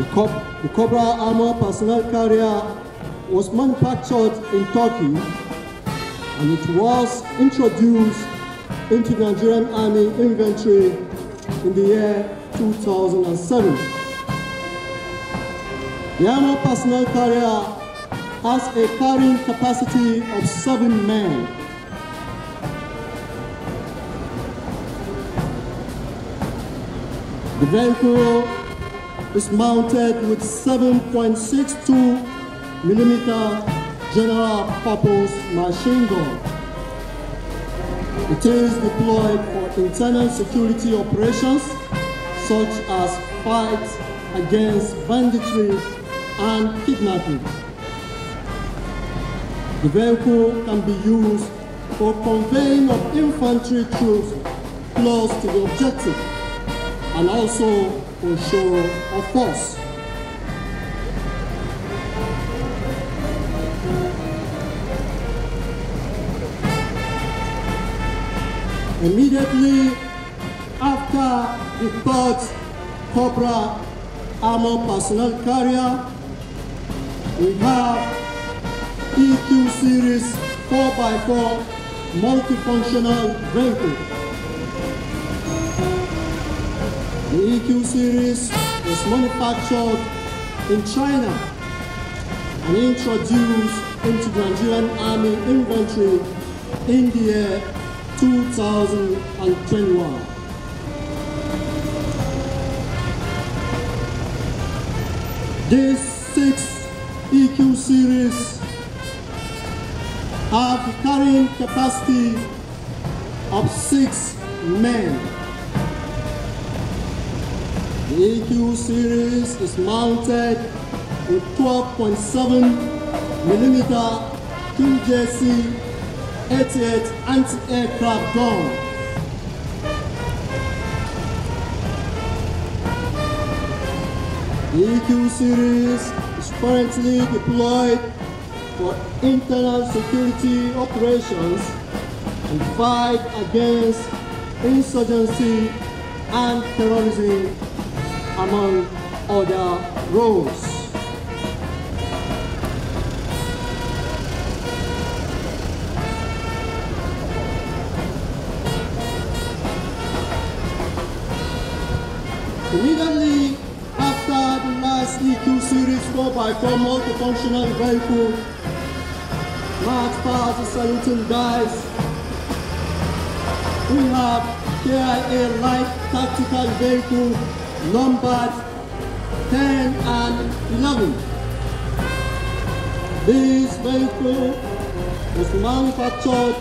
The, Cobra, the Cobra armor Personal carrier was manufactured in Turkey and it was introduced into the Nigerian Army inventory in the year 2007. The armor Personal carrier has a carrying capacity of seven men. The vehicle is mounted with 7.62 millimeter general purpose machine gun. It is deployed for internal security operations such as fights against banditry and kidnapping. The vehicle can be used for conveying of infantry troops close to the objective and also for show of force. Immediately after the third Cobra armor personnel carrier, we have E2 series 4x4 multifunctional vehicle. The EQ series was manufactured in China and introduced into the Nigerian Army inventory in the year 2021. This six EQ series have carrying capacity of six men. The AQ series is mounted with 12.7 millimeter 2 JC 88 anti-aircraft gun. The EQ series is currently deployed for internal security operations and fight against insurgency and terrorism among other roles. Immediately after the last EQ series 4x4 multifunctional vehicle, large powers saluting guys, we have KIA light tactical vehicle numbers 10 and 11. This vehicle was manufactured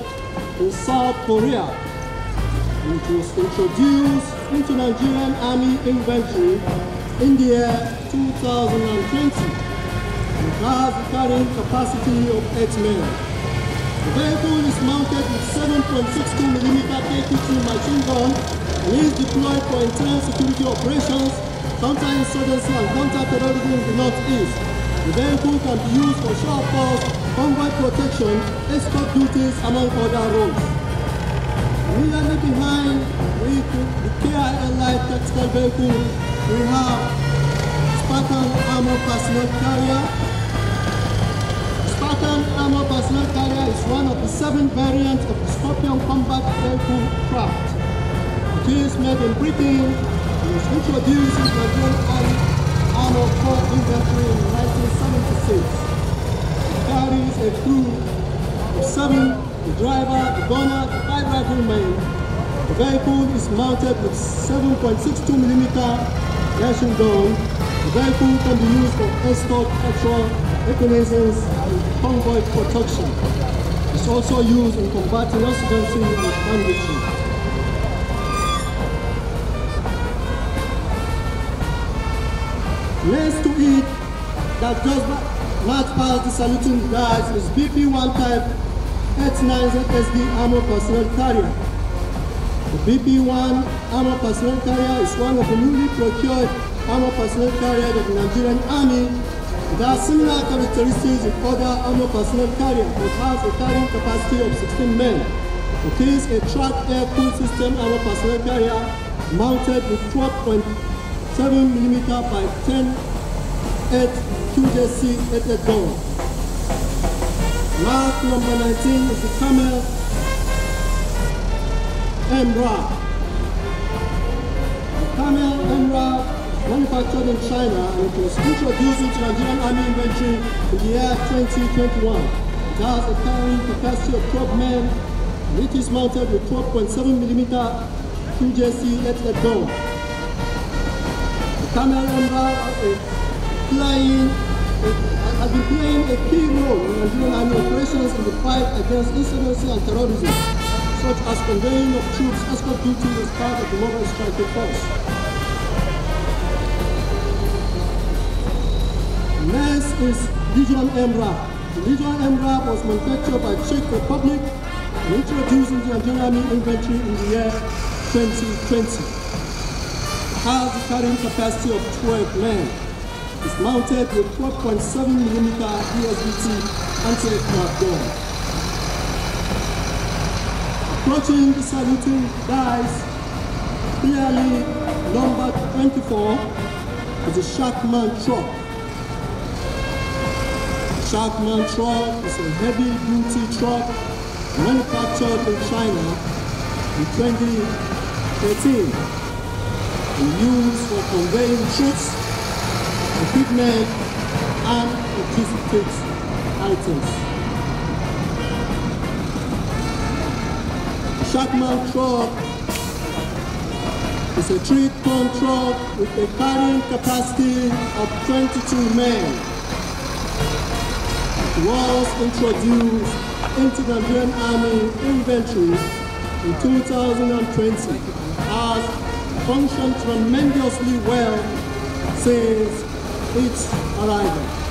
in South Korea and was introduced into Nigerian Army inventory in the year 2020 and has a carrying capacity of 8 men. The vehicle is mounted with 7.62mm KP2 machine gun is deployed for intense security operations, counterinsurgency and counter-terrorism in the Northeast. The vehicle can be used for sharp force, convoy protection, escort duties, among other roles. Immediately behind with the KIL Light tactical vehicle, we have Spartan Armor Personnel Carrier. Spartan Armor Personnel Carrier is one of the seven variants of the Scorpion Combat Vehicle craft. Kismet and Britain, the scripture abuse the revealed Army Arnold Court Infantry in 1976. carries a crew of seven, the driver, the gunner, the five riflemen. The vehicle is mounted with 7.62 millimeter machine gun. The vehicle can be used for escort, patrol, reconnaissance, and convoy protection. It's also used in combating insurgency and banditry. place to eat that goes large part the saluting guys is BP-1 type H9ZSD armor personnel carrier. The BP-1 armor personnel carrier is one of the newly procured armor personnel carriers of the Nigerian Army It has similar characteristics with other armored personnel carriers It has a carrying capacity of 16 men. It is a truck air cool system armored personnel carrier mounted with 12.5 7mm by 10 at 2JC at the door. Lock number 19 is the camel Emra. The camel Emra manufactured in China and was introduced into Nigerian Army Inventory in the year 2021. It has a carrying capacity of 12 men and it is mounted with 12.7mm 2JC at the door. Tamil Emra eh, playing, eh, has been playing a key role in Nigerian army operations in the fight against insurgency and terrorism, such as conveying of troops, escort duty as part of the mobile strike force. Next is Legion Embra. The Legion was manufactured by Czech Republic and introduced into the Nigerian Army in the year 2020 has a carrying capacity of 12 men. It's mounted with 12.7mm ESBT anti-aircraft gun. Approaching the saluting dies clearly number 24 is a Sharkman truck. The Sharkman truck is a heavy-duty truck manufactured in China in 2013 and used for conveying troops, equipment, and logistics items. A Shackman truck is a three-ton truck with a carrying capacity of 22 men. It was introduced into the Nigerian Army inventory in 2020 function tremendously well since its arrival.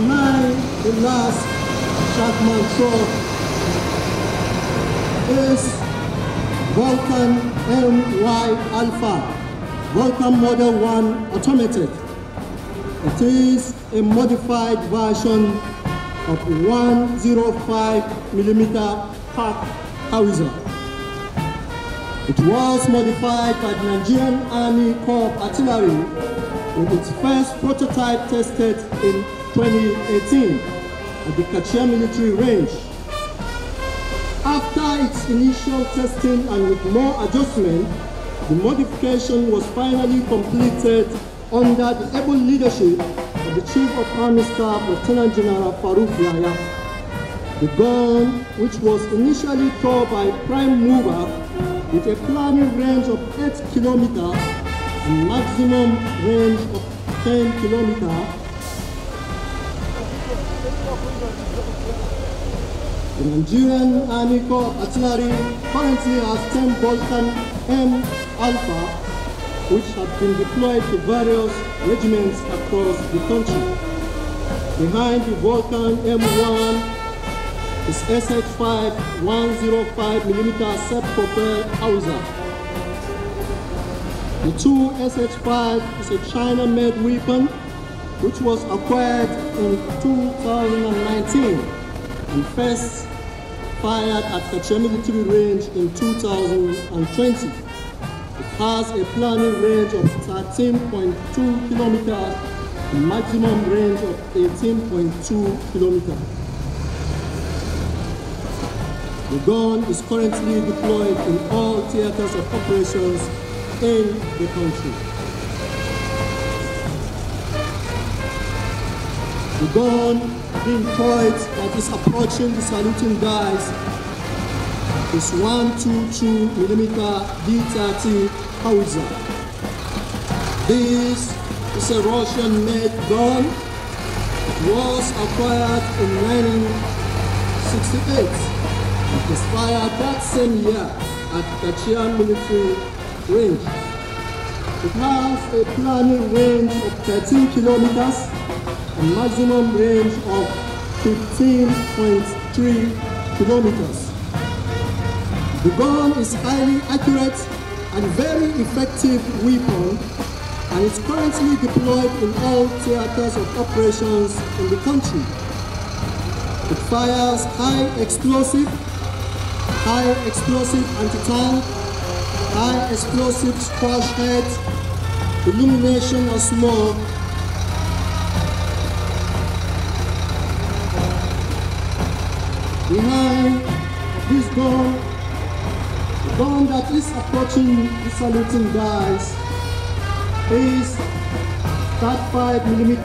בעיניי, last שחמן saw is Vulcan MY Alpha, Vulcan Model 1 Automated. It is a modified version of 105mm pack howitzer. It was modified by the Nigerian Army Corps Artillery with its first prototype tested in 2018 at the Kachia Military Range. After its initial testing and with more adjustment, the modification was finally completed under the able leadership of the Chief of Army Staff, Lieutenant General Farouk Yahya. The gun, which was initially towed by prime mover with a planning range of 8 kilometers and maximum range of 10 kilometers, Nigerian Aniko Artillery currently has 10 Bolton M Alpha, which have been deployed to various regiments across the country. Behind the Vulcan M1 is SH5 105mm self-propelled howitzer. The two SH5 is a China-made weapon which was acquired in 2019 and first fired at Kachemi military range in 2020. It has a planning range of 13.2 kilometers and maximum range of 18.2 kilometers. The gun is currently deployed in all theaters of operations in the country. The gun being pointed that is approaching the saluting guys is 122 millimeter D30 howitzer. This is a Russian-made gun. It was acquired in 1968. It was fired that same year at Kachian military range. It has a planning range of 13 kilometers maximum range of 15.3 kilometers. The gun is highly accurate and very effective weapon and is currently deployed in all theaters of operations in the country. It fires high explosive, high explosive anti-tank, high explosive squash head, illumination or smoke, behind this door, the gun that is approaching the saluting guys, is that 5 millimeter.